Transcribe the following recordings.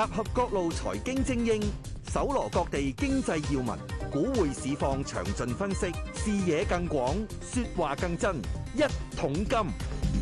集合各路財經精英，搜羅各地經濟要聞，股匯市況詳盡分析，視野更廣，説話更真，一桶金。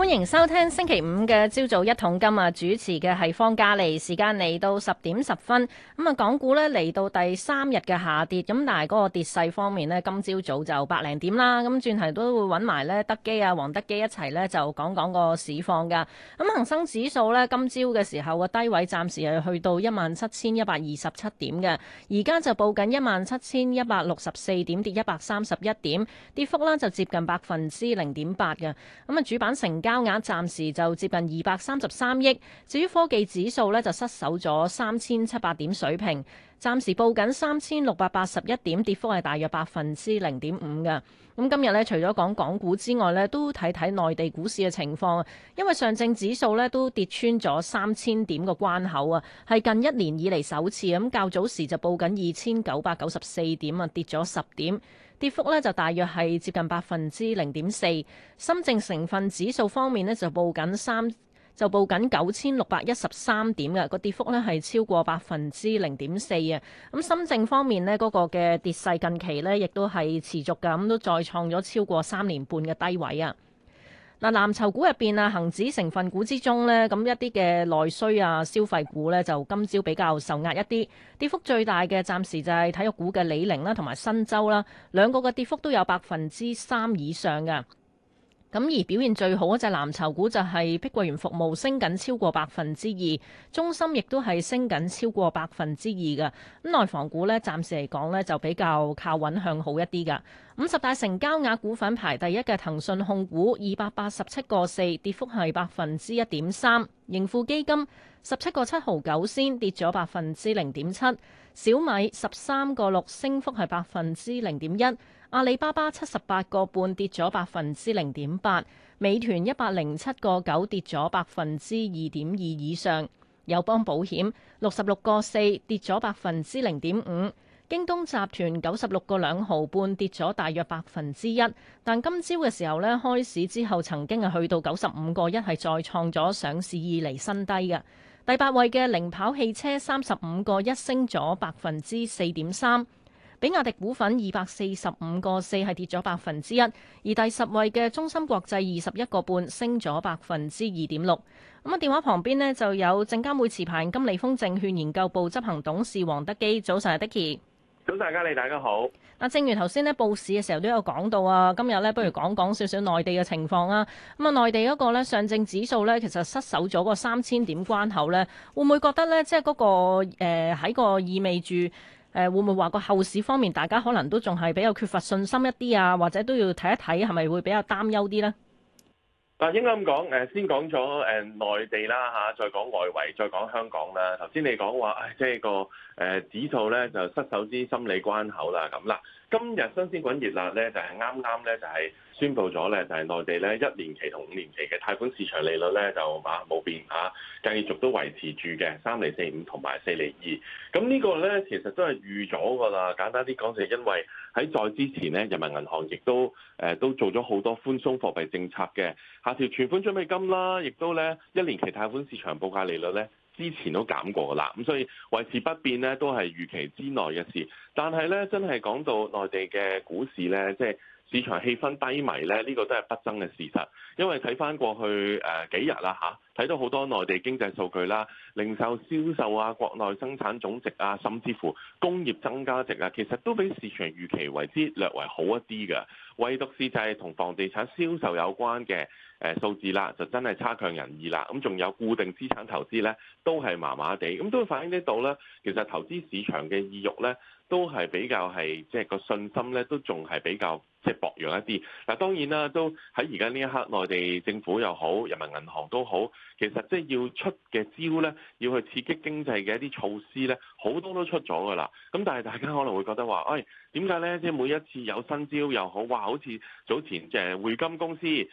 歡迎收聽星期五嘅朝早一桶金啊！主持嘅係方嘉利，時間嚟到十點十分。咁啊，港股咧嚟到第三日嘅下跌，咁但係嗰個跌勢方面咧，今朝早，早就百零點啦。咁轉頭都會揾埋咧德幾啊、黃德幾一齊咧就講講個市況噶。咁恒生指數咧今朝嘅時候個低位暫時係去到一萬七千一百二十七點嘅，而家就報緊一萬七千一百六十四點，跌一百三十一點，跌幅呢就接近百分之零點八嘅。咁啊，主板成交。交額暫時就接近二百三十三億。至於科技指數呢就失守咗三千七百點水平，暫時報緊三千六百八十一點，跌幅係大約百分之零點五噶。咁今日呢，除咗講港股之外呢都睇睇內地股市嘅情況。因為上證指數呢都跌穿咗三千點個關口啊，係近一年以嚟首次。咁較早時就報緊二千九百九十四點啊，跌咗十點。跌幅咧就大約係接近百分之零點四。深證成分指數方面呢，就報緊三，就報緊九千六百一十三點嘅，個跌幅咧係超過百分之零點四啊。咁深證方面呢，嗰個嘅跌勢近期呢亦都係持續㗎，咁都再創咗超過三年半嘅低位啊。嗱，藍籌股入邊啊，恆指成分股之中呢，咁一啲嘅內需啊，消費股呢，就今朝比較受壓一啲，跌幅最大嘅暫時就係體育股嘅李寧啦，同埋新洲啦，兩個嘅跌幅都有百分之三以上嘅。咁而表現最好嗰隻藍籌股就係碧桂園服務，升緊超過百分之二；中芯亦都係升緊超過百分之二嘅。咁內房股呢，暫時嚟講呢，就比較靠穩向好一啲嘅。五十大成交額股份排第一嘅騰訊控股二百八十七個四，跌幅係百分之一點三；盈富基金十七個七毫九先跌咗百分之零點七；小米十三個六，升幅係百分之零點一。阿里巴巴七十八個半跌咗百分之零點八，美團一百零七個九跌咗百分之二點二以上，友邦保險六十六個四跌咗百分之零點五，京東集團九十六個兩毫半跌咗大約百分之一。但今朝嘅時候呢，開市之後曾經係去到九十五個一，係再創咗上市以嚟新低嘅。第八位嘅零跑汽車三十五個一升咗百分之四點三。比亞迪股份二百四十五個四係跌咗百分之一，而第十位嘅中芯國際二十一個半升咗百分之二點六。咁啊，電話旁邊呢就有證監會持牌金利豐證券研究部執行董事黃德幾，早晨，Dickie。早晨，家你大家好。嗱，正如頭先咧報市嘅時候都有講到啊，今日咧不如講講少少內地嘅情況啊。咁啊，內地嗰個咧上證指數咧其實失守咗個三千點關口咧，會唔會覺得咧即係嗰個誒喺、呃、個意味住？誒會唔會話個後市方面，大家可能都仲係比較缺乏信心一啲啊，或者都要睇一睇係咪會比較擔憂啲呢？嗱，應該咁講，誒先講咗誒內地啦嚇，再講外圍，再講香港啦。頭先你講話，誒即係個誒指數咧就失守之心理關口啦，咁啦。今日新鮮滾熱辣咧，就係啱啱咧就係宣布咗咧，就係內地咧一年期同五年期嘅貸款市場利率咧就冇變嚇，繼續都維持住嘅三厘四五同埋四厘二。咁呢個咧其實都係預咗㗎啦。簡單啲講就係因為喺再之前咧，人民銀行亦都誒、呃、都做咗好多寬鬆貨幣政策嘅，下調存款準備金啦，亦都咧一年期貸款市場報價利率咧。之前都減過啦，咁所以維持不變咧都係預期之內嘅事。但係咧，真係講到內地嘅股市咧，即係市場氣氛低迷咧，呢個都係不爭嘅事實。因為睇翻過去誒幾日啦嚇。睇到好多內地經濟數據啦，零售銷售啊，國內生產總值啊，甚至乎工業增加值啊，其實都比市場預期為之略為好一啲嘅。唯獨是就係同房地產銷售有關嘅誒數字啦，就真係差強人意啦。咁仲有固定資產投資呢，都係麻麻地，咁都反映得到呢。其實投資市場嘅意欲呢。都係比較係即係個信心咧，都仲係比較即係薄弱一啲。嗱，當然啦，都喺而家呢一刻，內地政府又好，人民銀行都好，其實即係要出嘅招咧，要去刺激經濟嘅一啲措施咧，好多都出咗噶啦。咁但係大家可能會覺得話，誒點解咧？即係、就是、每一次有新招又好，哇！好似早前誒匯金公司誒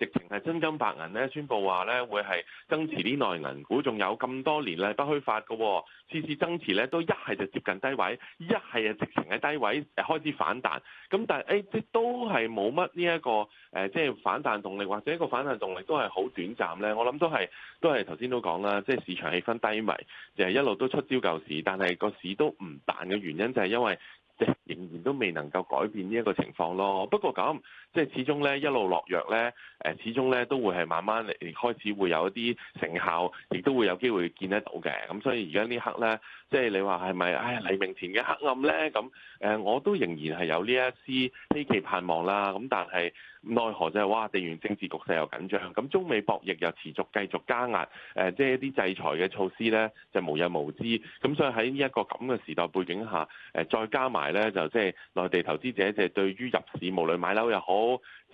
直情係真金白銀咧，宣佈話咧會係增持啲內銀股，仲有咁多年咧不虛發噶、啊，次次增持咧都一係就接近低位一。係啊，直情喺低位開始反彈，咁但係誒、欸，即都係冇乜呢一個誒、呃，即係反彈動力，或者一個反彈動力都係好短暫呢。我諗都係，都係頭先都講啦，即係市場氣氛低迷，就誒、係、一路都出招舊市，但係個市都唔彈嘅原因就係因為。即係仍然都未能夠改變呢一個情況咯。不過咁，即係始終咧一路落藥咧，誒始終咧都會係慢慢嚟開始會有一啲成效，亦都會有機會見得到嘅。咁所以而家呢刻咧，即係你話係咪唉，黎明前嘅黑暗咧？咁誒我都仍然係有呢一絲希冀盼望啦。咁但係奈何就係、是、哇地緣政治局勢又緊張，咁中美博弈又持續繼續加壓，誒、呃、即係一啲制裁嘅措施咧就無日無之。咁所以喺呢一個咁嘅時代背景下，誒再加埋。咧就即係內地投資者，即係對於入市，無論買樓又好。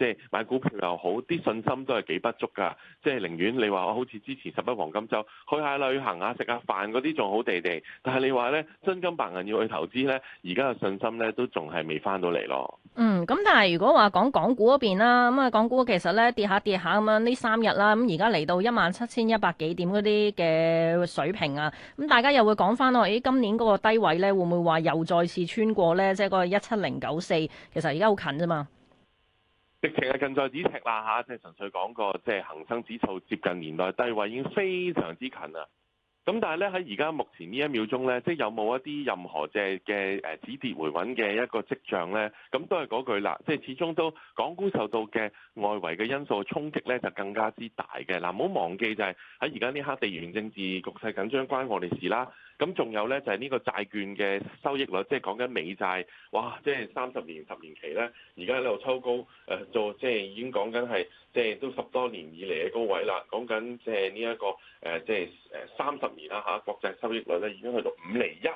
即係買股票又好，啲信心都係幾不足噶。即係寧願你話我好似之前十一黃金周去下旅行啊、食下飯嗰啲仲好地地，但係你話咧真金白銀要去投資咧，而家嘅信心咧都仲係未翻到嚟咯。嗯，咁但係如果話講港股嗰邊啦，咁啊港股其實咧跌下跌下咁樣呢三日啦，咁而家嚟到一萬七千一百幾點嗰啲嘅水平啊，咁大家又會講翻話，咦？今年嗰個低位咧會唔會話又再次穿過咧？即係嗰個一七零九四，其實而家好近啫嘛。直情係近在咫尺啦嚇，即、啊、係純粹講個即係恒生指數接近年內低位已經非常之近啦。咁但係咧喺而家目前呢一秒鐘咧，即係有冇一啲任何即係嘅誒止跌回穩嘅一個跡象咧？咁都係嗰句啦，即係始終都港股受到嘅外圍嘅因素衝擊咧就更加之大嘅。嗱、啊，唔好忘記就係喺而家呢刻地緣政治局勢緊張關我哋事啦。咁仲有咧，就係呢個債券嘅收益率，即係講緊美債，哇！即係三十年、十年期咧，而家喺度抽高，誒、呃、做即係已經講緊係，即係都十多年以嚟嘅高位啦。講緊即係呢一個誒，即係誒三十年啦嚇、啊，國際收益率咧已經去到五厘一，咁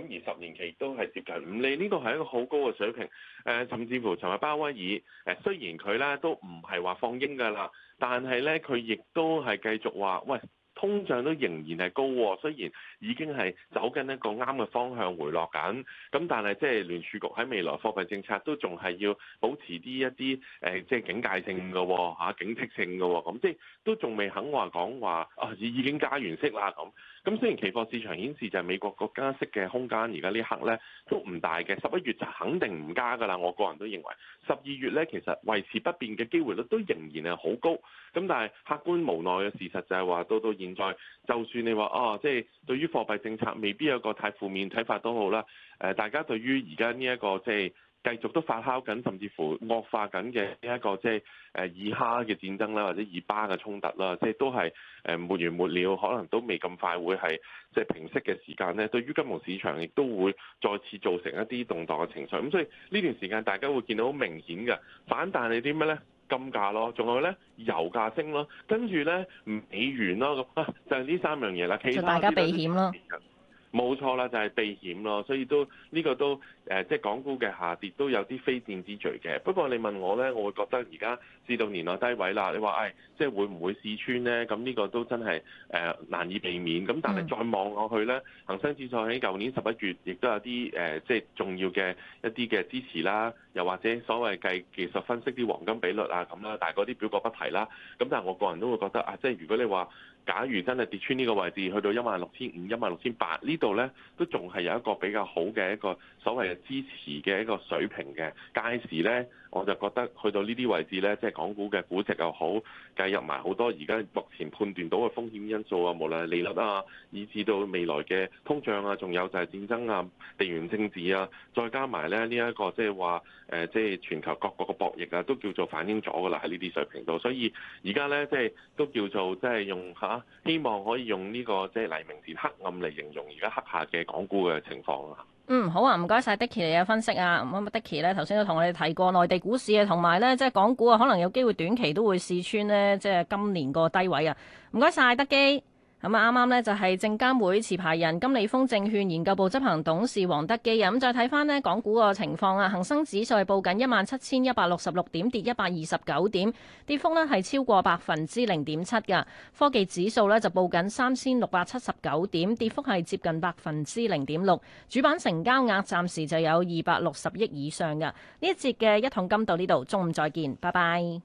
而十年期都係接近五厘，呢個係一個好高嘅水平。誒、呃，甚至乎尋日鮑威爾誒，雖然佢咧都唔係話放鷹噶啦，但係咧佢亦都係繼續話，喂。通脹都仍然係高喎，雖然已經係走緊一個啱嘅方向回落緊，咁但係即係聯儲局喺未來貨幣政策都仲係要保持啲一啲誒、呃、即係警戒性嘅嚇、警惕性嘅，咁即係都仲未肯話講話啊已經加完息啦咁。咁雖然期貨市場顯示就係美國國家息嘅空間而家呢刻咧都唔大嘅，十一月就肯定唔加㗎啦。我個人都認為十二月咧其實維持不變嘅機會率都仍然係好高，咁但係客觀無奈嘅事實就係話到到。都都都現在就算你話哦，即、就、係、是、對於貨幣政策未必有個太負面睇法都好啦。誒、呃，大家對於而家呢一個即係、就是、繼續都發酵緊，甚至乎惡化緊嘅呢一個即係誒以哈嘅戰爭啦，或者以巴嘅衝突啦，即、就、係、是、都係誒沒完沒了，可能都未咁快會係即係平息嘅時間咧。對於金融市場亦都會再次造成一啲動盪嘅情緒。咁所以呢段時間大家會見到好明顯嘅反彈係啲咩呢？金價咯，仲有咧油價升咯，跟住咧美元咯，咁啊就係、是、呢三樣嘢啦。其實大家避險咯，冇錯啦，就係、是、避險咯。所以都呢、這個都誒、呃，即係港股嘅下跌都有啲非戰之罪嘅。不過你問我咧，我會覺得而家試到年內低位啦。你話誒，即係會唔會試穿咧？咁呢個都真係誒、呃、難以避免。咁但係再望落去咧，恒生指數喺舊年十一月亦都有啲誒、呃，即係重要嘅一啲嘅支持啦。又或者所謂計技術分析啲黃金比率啊咁啦，但係啲表格不提啦。咁但係我個人都會覺得啊，即係如果你話，假如真係跌穿呢個位置，去到一萬六千五、一萬六千八呢度呢，都仲係有一個比較好嘅一個所謂嘅支持嘅一個水平嘅街市呢。我就覺得去到呢啲位置呢，即係港股嘅估值又好，計入埋好多而家目前判斷到嘅風險因素啊，無論係利率啊，以至到未來嘅通脹啊，仲有就係戰爭啊、地緣政治啊，再加埋呢呢一個即係話誒，即係全球各國嘅博弈啊，都叫做反映咗噶啦喺呢啲水平度。所以而家呢，即係都叫做即係用吓，希望可以用呢個即係黎明前黑暗嚟形容而家黑下嘅港股嘅情況啊。嗯，好啊，唔該晒 Dicky 你嘅分析啊，咁啊 Dicky 咧，頭先都同我哋提過內地股市啊，同埋咧，即係港股啊，可能有機會短期都會試穿咧，即係今年個低位啊，唔該晒，德幾。咁啱啱呢就係證監會持牌人金利豐證券研究部執行董事黃德幾。咁再睇翻咧，港股個情況啊，恆生指數係報緊一萬七千一百六十六點，跌一百二十九點，跌幅咧係超過百分之零點七嘅。科技指數咧就報緊三千六百七十九點，跌幅係接近百分之零點六。主板成交額暫時就有二百六十億以上嘅。呢一節嘅一桶金到呢度，中午再見，拜拜。